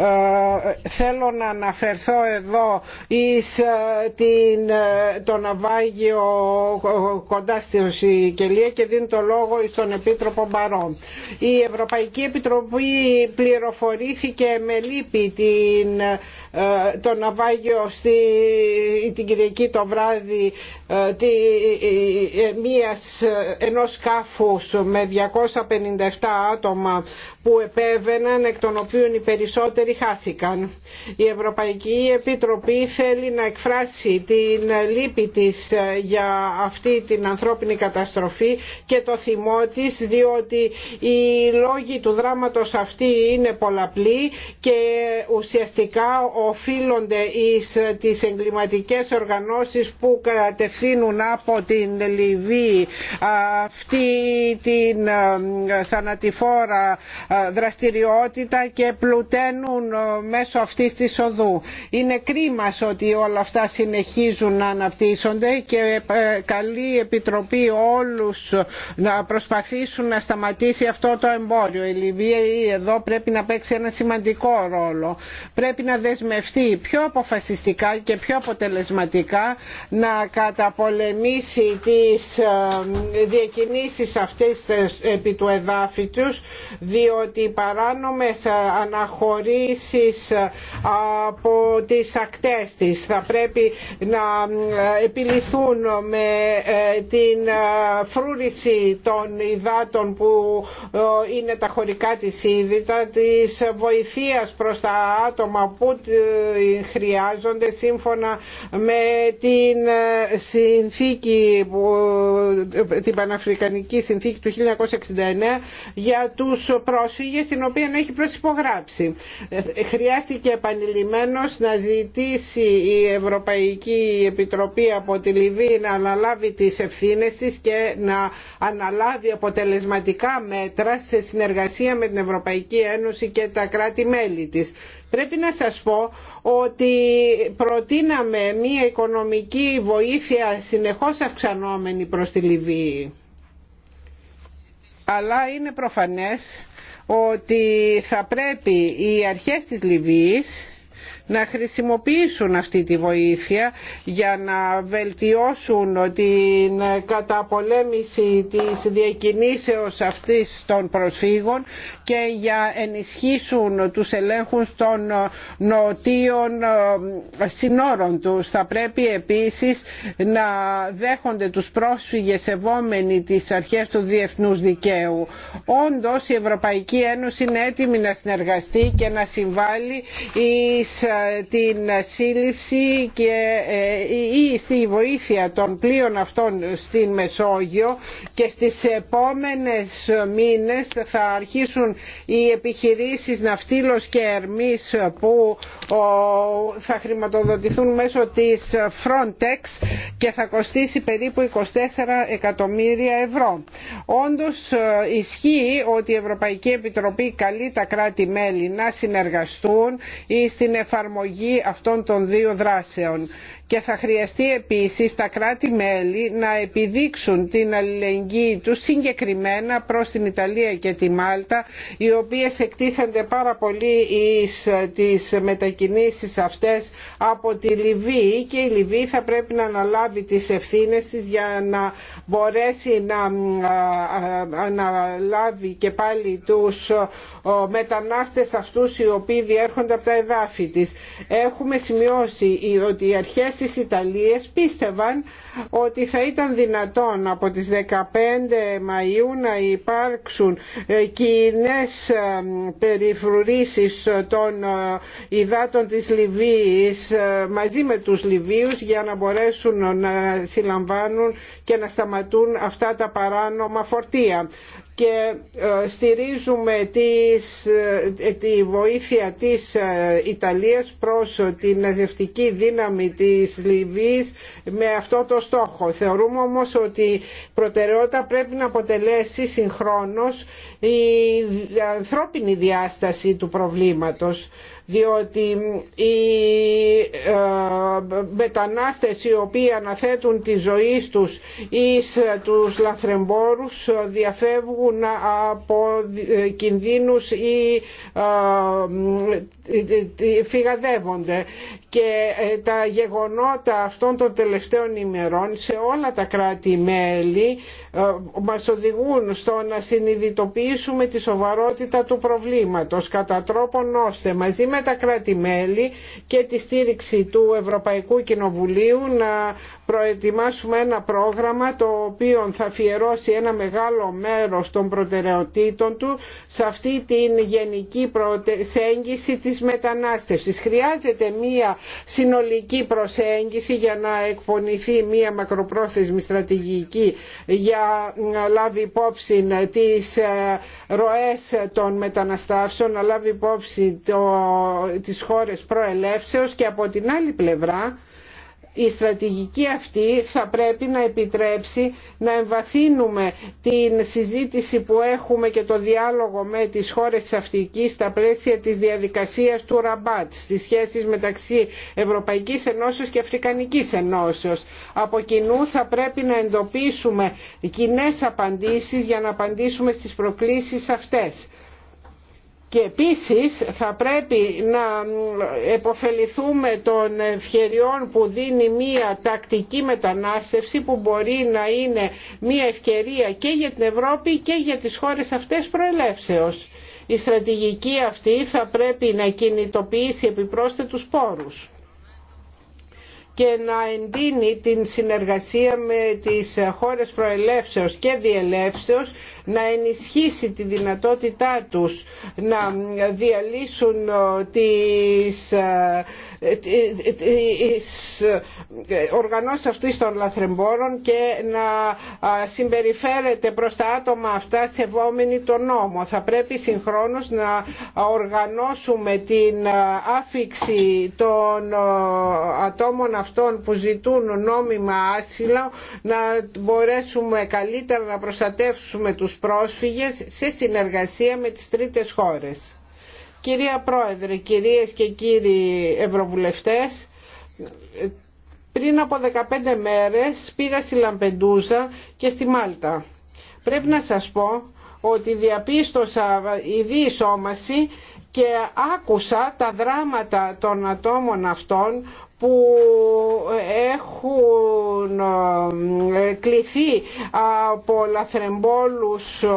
Ε, θέλω να αναφερθώ εδώ εις ε, την, ε, το ναυάγιο κοντά στη Σικελία και δίνω το λόγο τον Επίτροπο Μπαρό. Η Ευρωπαϊκή Επιτροπή πληροφορήθηκε με λύπη την, το ναυάγιο στη, την Κυριακή το βράδυ ε, μίας, ε, ενός σκάφους με 257 άτομα που επέβαιναν εκ των οποίων οι περισσότεροι χάθηκαν. Η Ευρωπαϊκή Επιτροπή θέλει να εκφράσει την λύπη της ε, για αυτή την ανθρώπινη καταστροφή και το θυμό της διότι οι λόγοι του δράματος αυτή είναι πολλαπλοί και ουσιαστικά οφείλονται εις τις εγκληματικές οργανώσεις που κατευθύνουν απευθύνουν από την Λιβύη αυτή την θανατηφόρα δραστηριότητα και πλουταίνουν μέσω αυτής της οδού. Είναι κρίμα ότι όλα αυτά συνεχίζουν να αναπτύσσονται και ε, καλή επιτροπή όλους να προσπαθήσουν να σταματήσει αυτό το εμπόριο. Η Λιβύη εδώ πρέπει να παίξει ένα σημαντικό ρόλο. Πρέπει να δεσμευτεί πιο αποφασιστικά και πιο αποτελεσματικά να κατα πολεμήσει τις ε, διακινήσεις αυτές ε, επί του εδάφη τους διότι παράνομες ε, αναχωρήσεις από τις ακτές της θα πρέπει να επιληθούν με την φρούρηση των υδάτων που είναι τα χωρικά της είδητα της βοηθείας προς τα άτομα που χρειάζονται σύμφωνα με την συνθήκη, ε, την Παναφρικανική συνθήκη του 1969 για τους πρόσφυγες την οποία έχει προσυπογράψει. Ε, χρειάστηκε επανειλημμένος να ζητήσει η Ευρωπαϊκή Επιτροπή από τη Λιβύη να αναλάβει τις ευθύνες της και να αναλάβει αποτελεσματικά μέτρα σε συνεργασία με την Ευρωπαϊκή Ένωση και τα κράτη-μέλη της. Πρέπει να σας πω ότι προτείναμε μια οικονομική βοήθεια συνεχώς αυξανόμενη προς τη Λιβύη. Αλλά είναι προφανές ότι θα πρέπει οι αρχές της Λιβύης να χρησιμοποιήσουν αυτή τη βοήθεια για να βελτιώσουν την καταπολέμηση της διακινήσεως αυτής των προσφύγων και για ενισχύσουν τους ελέγχους των νοτίων ε, συνόρων τους. Θα πρέπει επίσης να δέχονται τους πρόσφυγες σεβόμενοι τις αρχές του διεθνούς δικαίου. Όντως η Ευρωπαϊκή Ένωση είναι έτοιμη να συνεργαστεί και να συμβάλλει εις ε, την σύλληψη και, ή ε, στη βοήθεια των πλοίων αυτών στην Μεσόγειο και στις επόμενες μήνες θα αρχίσουν οι επιχειρήσεις ναυτίλος και ερμής που θα χρηματοδοτηθούν μέσω της Frontex και θα κοστίσει περίπου 24 εκατομμύρια ευρώ. Όντως ε, ισχύει ότι η Ευρωπαϊκή Επιτροπή καλεί τα κράτη-μέλη να συνεργαστούν ή στην εφαρμογή εφαρμογή αυτών των δύο δράσεων και θα χρειαστεί επίσης τα κράτη-μέλη να επιδείξουν την αλληλεγγύη τους συγκεκριμένα προς την Ιταλία και τη Μάλτα οι οποίες εκτίθενται πάρα πολύ ε, τις μετακινήσεις αυτές από τη Λιβύη και η Λιβύη θα πρέπει να αναλάβει τις ευθύνες της για να μπορέσει να αναλάβει και πάλι τους μετανάστες αυτούς οι οποίοι διέρχονται από τα εδάφη της. Έχουμε σημειώσει ότι οι αρχές της Ιταλίας πίστευαν ότι θα ήταν δυνατόν από τις 15 Μαΐου να υπάρξουν ε, κοινέ ε, περιφρουρήσεις των ε, υδάτων της Λιβύης μαζί με τους Λιβύους για να μπορέσουν να συλλαμβάνουν και να σταματούν αυτά τα παράνομα φορτία και ε, στηρίζουμε τις, ε, τη βοήθεια της ε, Ιταλίας προς την αδευτική δύναμη της Λιβύης με αυτό το στόχο. Θεωρούμε όμως ότι προτεραιότητα πρέπει να αποτελέσει συγχρόνως η ανθρώπινη διάσταση του προβλήματος διότι οι ε, μετανάστες οι οποίοι αναθέτουν τη ζωή τους εις ε, τους λαθρεμπόρους ε, διαφεύγουν από κινδύνους ή φυγαδεύονται και τα γεγονότα αυτών των τελευταίων ημερών σε όλα τα κράτη-μέλη ε, μας οδηγούν στο να συνειδητοποιήσουμε τη σοβαρότητα του προβλήματος κατά τρόπον ώστε μαζί με τα κράτη-μέλη και τη στήριξη του Ευρωπαϊκού Κοινοβουλίου να προετοιμάσουμε ένα πρόγραμμα το οποίο θα αφιερώσει ένα μεγάλο μέρος των προτεραιοτήτων του σε αυτή την γενική προσέγγιση της μετανάστευσης. Χρειάζεται μία συνολική προσέγγιση για να εκπονηθεί μία μακροπρόθεσμη στρατηγική για να λάβει υπόψη ε, τις ε, ροές των μεταναστάσεων, να λάβει υπόψη το, τις χώρες προελεύσεως και από την άλλη πλευρά η στρατηγική αυτή θα πρέπει να επιτρέψει να εμβαθύνουμε την συζήτηση που έχουμε και το διάλογο με τις χώρες της Αφρικής στα πλαίσια της διαδικασίας του Ραμπάτ στις σχέσεις μεταξύ Ευρωπαϊκής Ενώσεως και Αφρικανικής Ενώσεως. Από κοινού θα πρέπει να εντοπίσουμε κοινέ απαντήσεις για να απαντήσουμε στις προκλήσεις αυτές και επίσης θα πρέπει να επωφεληθούμε των ευκαιριών που δίνει μία τακτική μετανάστευση που μπορεί να είναι μία ευκαιρία και για την Ευρώπη και για τις χώρες αυτές προελεύσεως. Η στρατηγική αυτή θα πρέπει να κινητοποιήσει επιπρόσθετους πόρους και να εντείνει την συνεργασία με τις χώρες προελεύσεως και διελεύσεως να ενισχύσει τη δυνατότητά τους να διαλύσουν ε, τις ε, της ε, οργανώσεις αυτής των λαθρεμπόρων και να συμπεριφέρεται προς τα άτομα αυτά σεβόμενοι τον νόμο. Θα πρέπει συγχρόνως να οργανώσουμε την άφηξη των ατόμων αυτών που ζητούν νόμιμα άσυλο να μπορέσουμε καλύτερα να προστατεύσουμε τους πρόσφυγες σε συνεργασία με τις τρίτες χώρες. Κυρία Πρόεδρε, κυρίες και κύριοι Ευρωβουλευτές, πριν από 15 μέρες πήγα στη Λαμπεντούζα και στη Μάλτα. Πρέπει να σας πω ότι διαπίστωσα η διεισόμαση και άκουσα τα δράματα των ατόμων αυτών που έχουν ε, κληθεί από λαθρεμπόλους ε,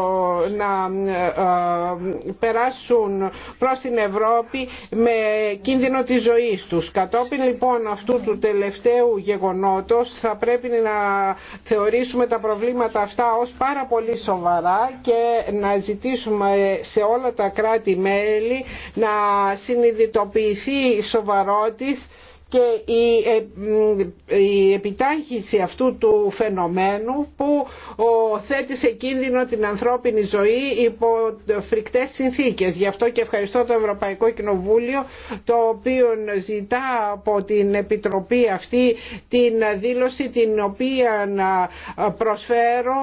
να ε, περάσουν προς την Ευρώπη με κίνδυνο της ζωής τους. Κατόπιν λοιπόν αυτού του τελευταίου γεγονότος θα πρέπει να θεωρήσουμε τα προβλήματα αυτά ως πάρα πολύ σοβαρά και να ζητήσουμε σε όλα τα κράτη-μέλη να συνειδητοποιηθεί η σοβαρότης και ε, η επιτάχυνση αυτού του φαινομένου που θέτει σε κίνδυνο την ανθρώπινη ζωή υπό φρικτές συνθήκες. Γι' αυτό και ευχαριστώ το Ευρωπαϊκό Κοινοβούλιο το οποίο ζητά από την Επιτροπή αυτή την δήλωση την οποία προσφέρω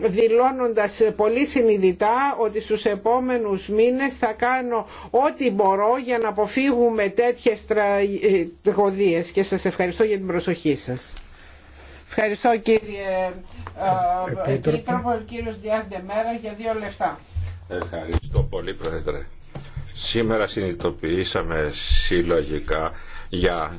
δηλώνοντας πολύ συνειδητά ότι στους επόμενους μήνες θα κάνω ό,τι μπορώ για να αποφύγουμε τέτοιες και σας ευχαριστώ για την προσοχή σας. Ευχαριστώ κύριε ε, Επίτροπο, κύριος Διάς Δεμέρα για δύο λεφτά. Ευχαριστώ πολύ Πρόεδρε. Σήμερα συνειδητοποιήσαμε συλλογικά για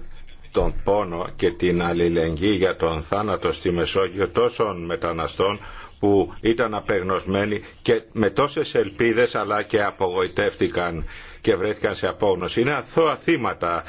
τον πόνο και την αλληλεγγύη για τον θάνατο στη Μεσόγειο τόσων μεταναστών που ήταν απεγνωσμένοι και με τόσες ελπίδες αλλά και απογοητεύτηκαν και βρέθηκαν σε απόγνωση. Είναι αθώα θύματα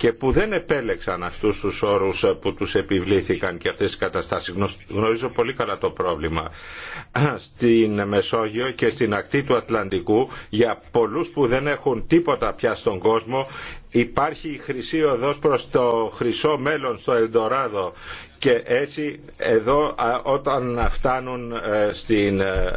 και που δεν επέλεξαν αυτούς τους όρους που τους επιβλήθηκαν και αυτές τις καταστάσεις. Γνωρίζω πολύ καλά το πρόβλημα. Στην Μεσόγειο και στην ακτή του Ατλαντικού για πολλούς που δεν έχουν τίποτα πια στον κόσμο υπάρχει η χρυσή οδός προς το χρυσό μέλλον στο Ελντοράδο και έτσι εδώ όταν φτάνουν ε, στην, ε,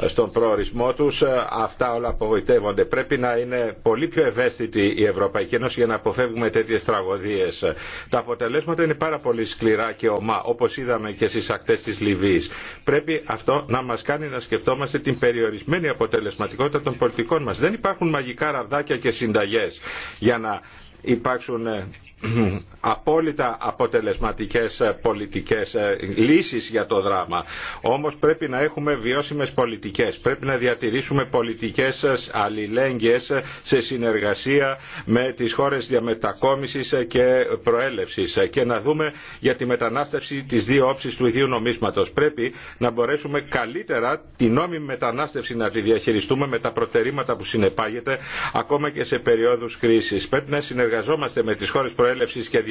ε, στον προορισμό τους αυτά όλα απογοητεύονται. Πρέπει να είναι πολύ πιο ευαίσθητη η Ευρωπαϊκή Ένωση για να αποφεύγουμε τέτοιες τραγωδίες. Τα αποτελέσματα είναι πάρα πολύ σκληρά και ομά όπως είδαμε και στις ακτές της Λιβύης. Πρέπει αυτό να μας κάνει να σκεφτόμαστε την περιορισμένη αποτελεσματικότητα των πολιτικών μας. Δεν υπάρχουν μαγικά ραβδάκια και συνταγές για να υπάρξουν ε, απόλυτα αποτελεσματικές ε, πολιτικές ε, λύσεις για το δράμα. Όμως πρέπει να έχουμε βιώσιμες πολιτικές. Πρέπει να διατηρήσουμε πολιτικές αλληλέγγυες σε συνεργασία με τις χώρες διαμετακόμισης και προέλευσης και να δούμε για τη μετανάστευση τις δύο όψεις του ιδίου νομίσματος. Πρέπει να μπορέσουμε καλύτερα την νόμιμη μετανάστευση να τη διαχειριστούμε με τα προτερήματα που συνεπάγεται ακόμα και σε περιόδους κρίσης. Πρέπει να συνεργαζόμαστε με τις χώρες προέλευσης και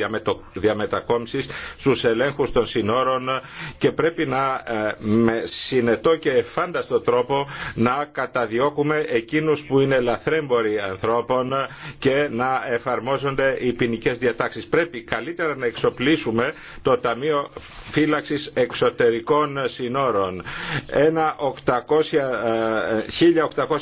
διαμετακόμψης στους ελέγχους των συνόρων και πρέπει να ε, με συνετό και εφάνταστο τρόπο να καταδιώκουμε εκείνους που είναι λαθρέμποροι ανθρώπων και να εφαρμόζονται οι ποινικέ διατάξεις. Πρέπει καλύτερα να εξοπλίσουμε το Ταμείο Φύλαξης Εξωτερικών Συνόρων. Ένα 1.800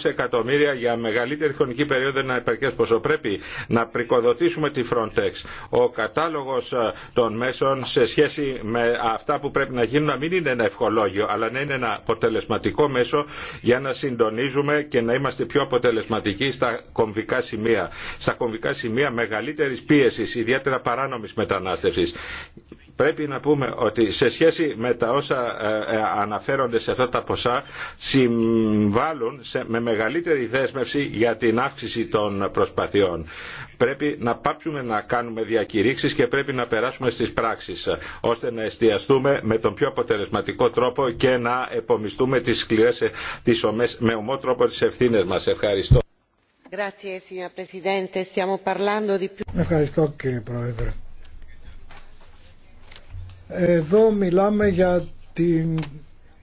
ε, εκατομμύρια για μεγαλύτερη χρονική περίοδο είναι ένα επαρκές ποσό. Πρέπει να χρηματοδοτήσουμε τη Frontex. Ο κατάλογος ε, των μέσων σε σχέση με αυτά που πρέπει να γίνουν να μην είναι ένα ευχολόγιο, αλλά να είναι ένα αποτελεσματικό μέσο για να συντονίζουμε και να είμαστε πιο αποτελεσματικοί στα κομβικά σημεία. Στα κομβικά σημεία μεγαλύτερης πίεσης, ιδιαίτερα παράνομης μετανάστευσης πρέπει να πούμε ότι σε σχέση με τα όσα ε, ε, αναφέρονται σε αυτά τα ποσά συμβάλλουν με μεγαλύτερη δέσμευση για την αύξηση των προσπαθειών. Πρέπει να πάψουμε να κάνουμε διακηρύξεις και πρέπει να περάσουμε στις πράξεις ώστε να εστιαστούμε με τον πιο αποτελεσματικό τρόπο και να επομιστούμε τις σκληρές ε, τις ομές, με ομό τρόπο τις ευθύνες μας. Ευχαριστώ. Ευχαριστώ κύριε Πρόεδρε εδώ μιλάμε για την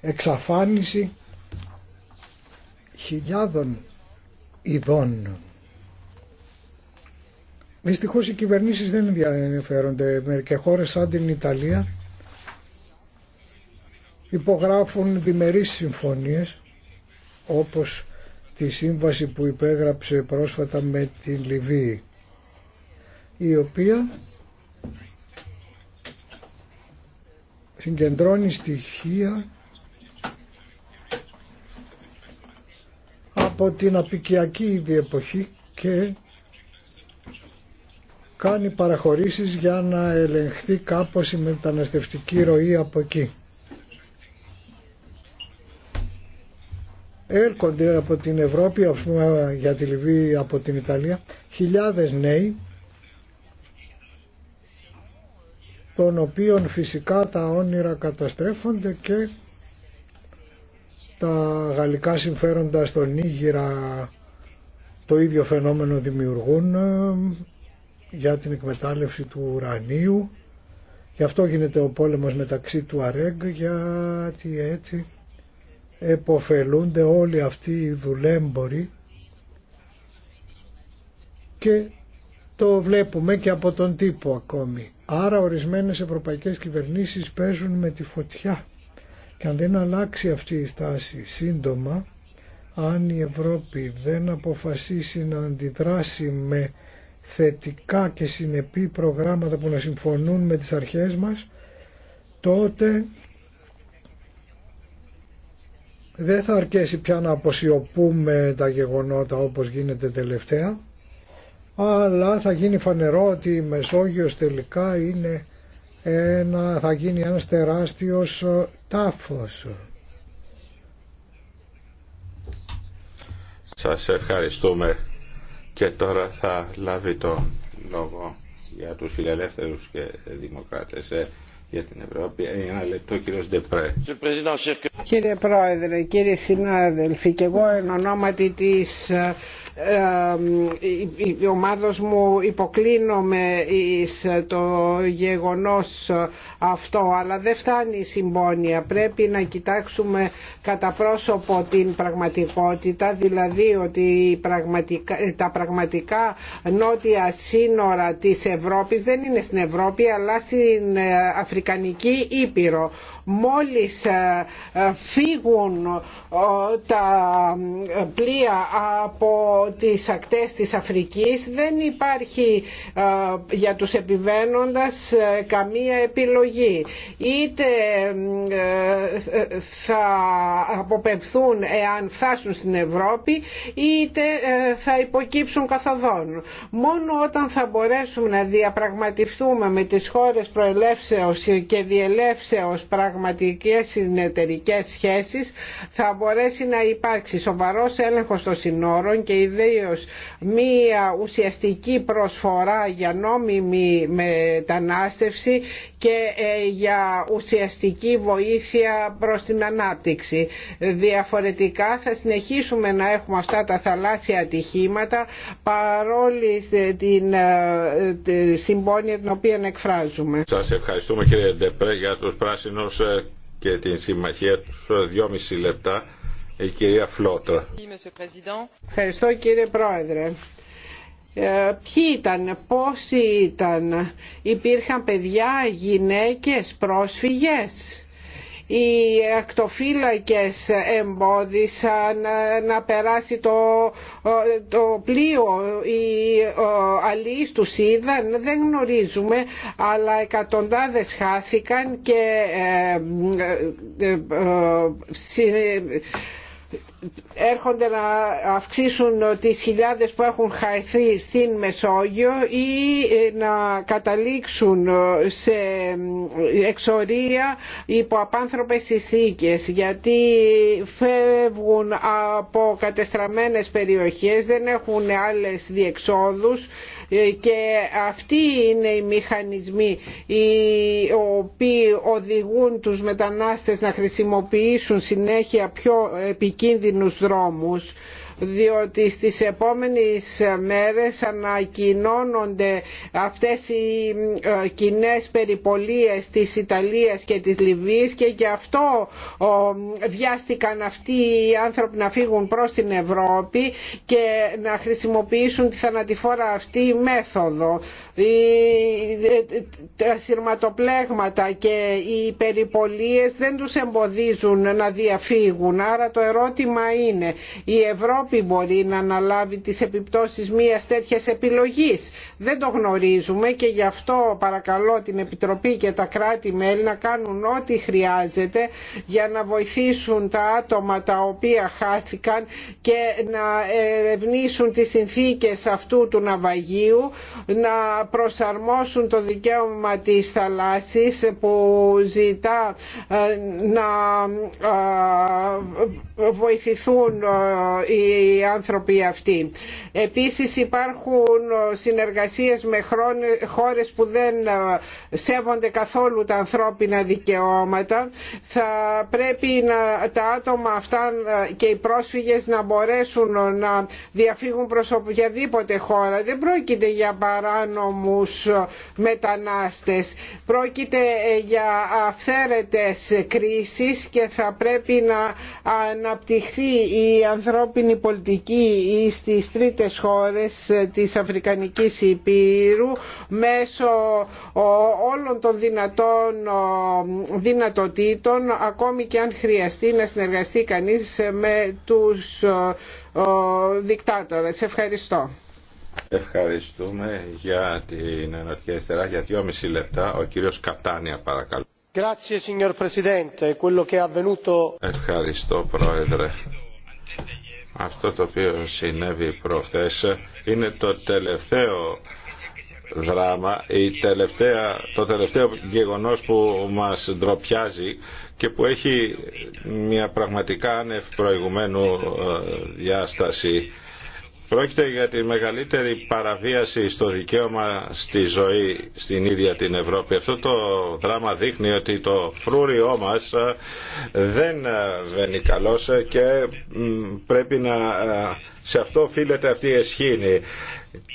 εξαφάνιση χιλιάδων ειδών. Δυστυχώς οι κυβερνήσεις δεν ενδιαφέρονται. Μερικές χώρες σαν την Ιταλία υπογράφουν διμερείς συμφωνίες όπως τη σύμβαση που υπέγραψε πρόσφατα με την Λιβύη η οποία συγκεντρώνει στοιχεία από την απικιακή ήδη εποχή και κάνει παραχωρήσεις για να ελεγχθεί κάπως η μεταναστευτική ροή από εκεί. Έρχονται από την Ευρώπη, ας πούμε, για τη Λιβύη από την Ιταλία, χιλιάδες νέοι των οποίων φυσικά τα όνειρα καταστρέφονται και τα γαλλικά συμφέροντα στον Ήγυρα το ίδιο φαινόμενο δημιουργούν ε, για την εκμετάλλευση του ουρανίου. Γι' αυτό γίνεται ο πόλεμος μεταξύ του ΑΡΕΓ γιατί έτσι εποφελούνται όλοι αυτοί οι δουλέμποροι και το βλέπουμε και από τον τύπο ακόμη. Άρα ορισμένες ευρωπαϊκές κυβερνήσεις παίζουν με τη φωτιά και αν δεν αλλάξει αυτή η στάση σύντομα, αν η Ευρώπη δεν αποφασίσει να αντιδράσει με θετικά και συνεπή προγράμματα που να συμφωνούν με τις αρχές μας, τότε δεν θα αρκέσει πια να αποσιωπούμε τα γεγονότα όπως γίνεται τελευταία, αλλά θα γίνει φανερό ότι η Μεσόγειος τελικά είναι ένα, θα γίνει ένας τεράστιος ε, τάφος. Σας ευχαριστούμε και τώρα θα λάβει το λόγο για τους φιλελεύθερους και δημοκράτες ε, για την Ευρώπη. Ε, ένα λεπτό, κύριος Ντεπρέ. Κύριε Πρόεδρε, κύριε συνάδελφοι, και εγώ εν ονόματι της η ομάδος μου υποκλίνομαι εις το γεγονός αυτό αλλά δεν φτάνει η συμπόνια πρέπει να κοιτάξουμε κατά πρόσωπο την πραγματικότητα δηλαδή ότι τα πραγματικά νότια σύνορα της Ευρώπης δεν είναι στην Ευρώπη αλλά στην ε, Αφρικανική Ήπειρο μόλις ε, ε, φύγουν ε, τα πλοία από τις ακτές της Αφρικής δεν υπάρχει για τους επιβαίνοντας καμία επιλογή είτε θα αποπευθούν εάν φτάσουν στην Ευρώπη είτε θα υποκύψουν καθοδόν. Μόνο όταν θα μπορέσουμε να διαπραγματευτούμε με τις χώρες προελεύσεως και διελεύσεως πραγματικά πραγματικές συνεταιρικές σχέσεις θα μπορέσει να υπάρξει σοβαρός έλεγχος των συνόρων και ιδέως μία ουσιαστική προσφορά για νόμιμη μετανάστευση και ε, για ουσιαστική βοήθεια προς την ανάπτυξη. Διαφορετικά θα συνεχίσουμε να έχουμε αυτά τα θαλάσσια ατυχήματα παρόλη ε, την ε, συμπόνια την οποία εκφράζουμε. Σας ευχαριστούμε κύριε Ντεπρέ για τους πράσινους και την συμμαχία τους δυόμιση λεπτά η κυρία Φλότρα. Ευχαριστώ κύριε Πρόεδρε. Ε, ποιοι ήταν, πόσοι ήταν, υπήρχαν παιδιά, γυναίκες, πρόσφυγες. Οι ακτοφύλακες εμπόδισαν ε, να περάσει το, ε, το πλοίο, οι αλλοί του είδαν, δεν γνωρίζουμε, αλλά εκατοντάδες χάθηκαν και έρχονται να αυξήσουν τις χιλιάδες που έχουν χαθεί στην Μεσόγειο ή ε, να καταλήξουν ε, σε ε, εξορία υπό απάνθρωπες συνθήκες γιατί φεύγουν από κατεστραμμένες περιοχές, δεν έχουν άλλες διεξόδους και αυτοί είναι οι μηχανισμοί οι οποίοι οδηγούν τους μετανάστες να χρησιμοποιήσουν συνέχεια πιο επικίνδυνες δρόμους διότι στις επόμενες μέρες ανακοινώνονται αυτές οι ε, κοινέ περιπολίες της Ιταλίας και της Λιβύης και γι' αυτό βιάστηκαν αυτοί οι άνθρωποι να φύγουν προς την Ευρώπη και να χρησιμοποιήσουν τη θανατηφόρα αυτή μέθοδο τα συρματοπλέγματα και οι περιπολίες δεν τους εμποδίζουν να διαφύγουν. Άρα το ερώτημα είναι η Ευρώπη μπορεί να αναλάβει τις επιπτώσεις μιας τέτοιας επιλογής. Δεν το γνωρίζουμε και γι' αυτό παρακαλώ την Επιτροπή και τα κράτη-μέλη να κάνουν ό,τι χρειάζεται για να βοηθήσουν τα άτομα τα οποία χάθηκαν και να ερευνήσουν τις συνθήκες αυτού του ναυαγίου, να προσαρμόσουν το δικαίωμα της θαλάσσης που ζητά ε, να ε, βοηθηθούν ε, οι άνθρωποι αυτοί. Επίσης υπάρχουν συνεργασίες με χώρες που δεν σέβονται καθόλου τα ανθρώπινα δικαιώματα. Θα πρέπει να, τα άτομα αυτά και οι πρόσφυγες να μπορέσουν να διαφύγουν προς οποιαδήποτε χώρα. Δεν πρόκειται για παράνομο νόμους ε, μετανάστες. Πρόκειται ε, για αυθαίρετες κρίσεις και θα πρέπει να αναπτυχθεί η ανθρώπινη πολιτική στις τρίτες χώρες ε, της Αφρικανικής Υπήρου μέσω όλων των δυνατών δυνατοτήτων ακόμη και αν χρειαστεί να συνεργαστεί κανείς με τους δικτάτορες. Ευχαριστώ. Ευχαριστούμε για την Ανατολική Αριστερά. Για δυόμιση λεπτά ο κύριος Κατάνια παρακαλώ. Ευχαριστώ πρόεδρε. Αυτό το οποίο συνέβη προχθές είναι το τελευταίο δράμα, η τελευταία, το τελευταίο γεγονός που μας ντροπιάζει και που έχει μια πραγματικά ανευπροηγουμένου ε, διάσταση Πρόκειται για τη μεγαλύτερη παραβίαση στο δικαίωμα στη ζωή στην ίδια την Ευρώπη. Αυτό το δράμα δείχνει ότι το φρούριό μας ε, δεν ε, βαίνει καλώς ε, και πρέπει να... Σε αυτό οφείλεται αυτή η εσχήνη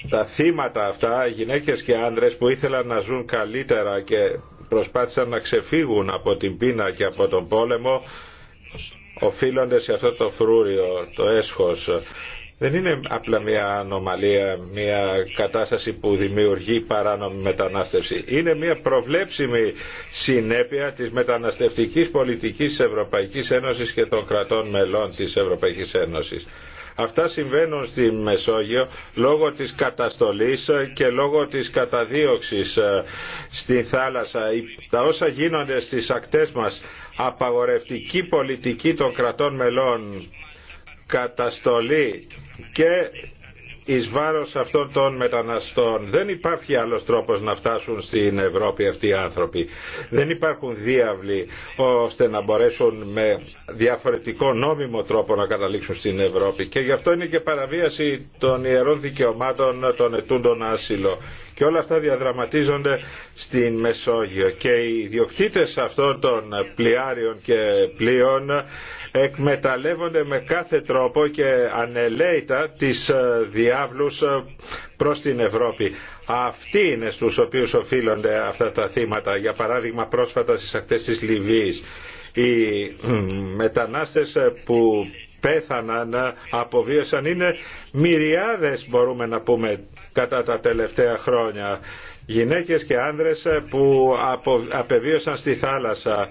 τα θύματα αυτά, γυναίκες και άνδρες που ήθελαν να ζουν καλύτερα και προσπάθησαν να ξεφύγουν από την πείνα και από τον πόλεμο, οφείλονται σε αυτό το φρούριο, το έσχος δεν είναι απλά μια ανομαλία, μια κατάσταση που δημιουργεί παράνομη μετανάστευση. Είναι μια προβλέψιμη συνέπεια της μεταναστευτικής πολιτικής της Ευρωπαϊκής Ένωσης και των κρατών μελών της Ευρωπαϊκής Ένωσης. Αυτά συμβαίνουν στη Μεσόγειο λόγω της καταστολής και λόγω της καταδίωξης ε, στη θάλασσα. Τα όσα γίνονται στις ακτές μας, απαγορευτική πολιτική των κρατών μελών καταστολή και εις βάρος αυτών των μεταναστών. Δεν υπάρχει άλλος τρόπος να φτάσουν στην Ευρώπη αυτοί οι άνθρωποι. Δεν υπάρχουν διάβλοι ώστε να μπορέσουν με διαφορετικό νόμιμο τρόπο να καταλήξουν στην Ευρώπη. Και γι' αυτό είναι και παραβίαση των ιερών δικαιωμάτων των ετούντων άσυλο. Και όλα αυτά διαδραματίζονται στην Μεσόγειο. Και οι διοκτήτες αυτών των πλοιάριων και πλοίων εκμεταλλεύονται με κάθε τρόπο και ανελέητα τις ε, διάβλους ε, προς την Ευρώπη. Αυτοί είναι στους οποίους οφείλονται αυτά τα θύματα. Για παράδειγμα πρόσφατα στις ακτές της Λιβύης. Οι ε, μετανάστες που πέθαναν, αποβίωσαν είναι μυριάδες μπορούμε να πούμε κατά τα τελευταία χρόνια γυναίκες και άνδρες που απεβίωσαν στη θάλασσα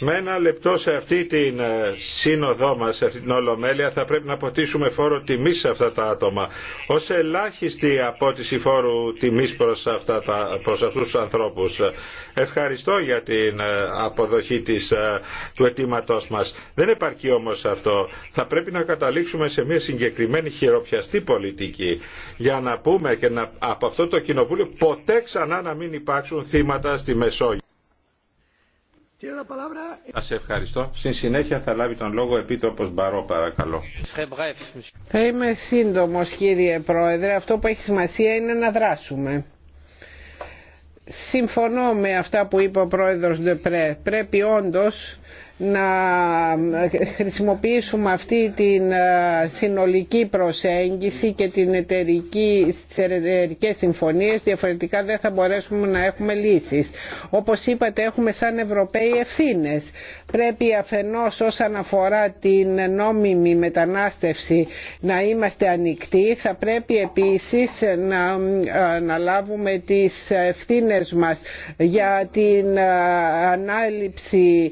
με ένα λεπτό σε αυτή την ε, σύνοδό μας, σε αυτή την ολομέλεια, θα πρέπει να ποτίσουμε φόρο τιμής σε αυτά τα άτομα. Ως ελάχιστη απότιση φόρου τιμής προς, αυτά τα, προς τους ανθρώπους. Ευχαριστώ για την ε, αποδοχή της, ε, του αιτήματό μας. Δεν επαρκεί όμως αυτό. Θα πρέπει να καταλήξουμε σε μια συγκεκριμένη χειροπιαστή πολιτική για να πούμε και να, από αυτό το κοινοβούλιο ποτέ ξανά να μην υπάρξουν θύματα στη Μεσόγειο. Σα ευχαριστώ. Στην συνέχεια θα λάβει τον λόγο επίτροπος Μπαρό, παρακαλώ. Θα είμαι σύντομος κύριε Πρόεδρε. Αυτό που έχει σημασία είναι να δράσουμε. Συμφωνώ με αυτά που είπε ο πρόεδρος Ντεπρέ. Πρέπει όντως να χρησιμοποιήσουμε αυτή την ε, συνολική προσέγγιση και την εταιρική, τις εταιρικές συμφωνίες διαφορετικά δεν θα μπορέσουμε να έχουμε λύσεις. Όπως είπατε έχουμε σαν Ευρωπαίοι ευθύνε. Πρέπει αφενός όσον αφορά την νόμιμη μετανάστευση να είμαστε ανοιχτοί. Θα πρέπει επίσης να, ε, να λάβουμε τις ευθύνες μας για την ε, ανάληψη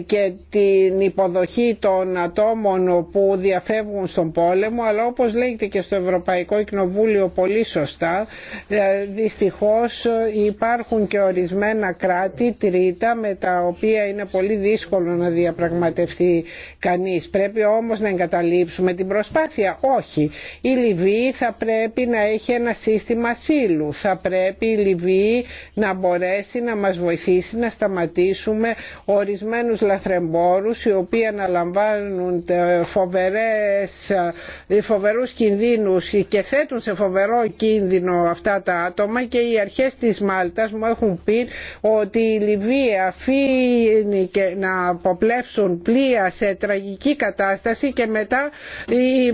και την υποδοχή των ατόμων που διαφεύγουν στον πόλεμο αλλά όπως λέγεται και στο Ευρωπαϊκό Κοινοβούλιο πολύ σωστά ε, δυστυχώς υπάρχουν και ορισμένα κράτη τρίτα με τα οποία είναι πολύ δύσκολο να διαπραγματευτεί κανείς. Πρέπει όμως να εγκαταλείψουμε την προσπάθεια. Όχι. Η Λιβύη θα πρέπει να έχει ένα σύστημα ασύλου. Θα πρέπει η Λιβύη να μπορέσει να μας βοηθήσει να σταματήσουμε ορισμένους λαθρεμπόρους οι οποίοι αναλαμβάνουν φοβερές, ε, φοβερούς κινδύνους και θέτουν σε φοβερό κίνδυνο αυτά τα άτομα και οι αρχές της Μάλτας μου έχουν πει ότι η Λιβύη αφήνει και να αποπλέψουν πλοία σε τραγική κατάσταση και μετά η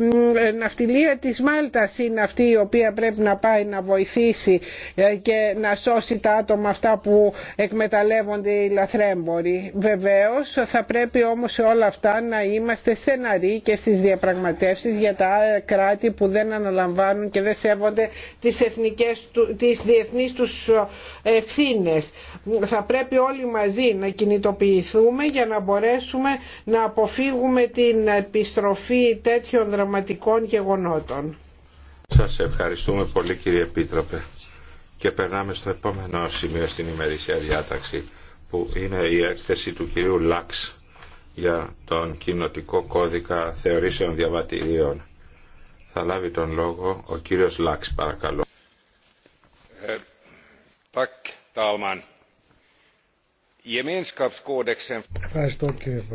ε, ναυτιλία της Μάλτας είναι αυτή η οποία πρέπει να πάει να βοηθήσει ε, και να σώσει τα άτομα αυτά που εκμεταλλεύονται οι λαθρέμποροι. Βεβαίω θα πρέπει όμως σε όλα αυτά να είμαστε στεναροί και στις διαπραγματεύσεις για τα κράτη που δεν αναλαμβάνουν και δεν σέβονται τις, εθνικές, τις διεθνείς τους ευθύνες. Θα πρέπει όλοι μαζί να κινητοποιηθούμε για να μπορέσουμε να αποφύγουμε την επιστροφή τέτοιων δραματικών γεγονότων. Σας ευχαριστούμε πολύ κύριε Επίτροπε και περνάμε στο επόμενο σημείο στην ημερησία διάταξη που είναι η έκθεση του κυρίου Λάξ για τον κοινοτικό κώδικα θεωρήσεων διαβατηρίων. Θα λάβει τον λόγο ο κύριος Λάξ, παρακαλώ. Ε, Ευχαριστώ κύριε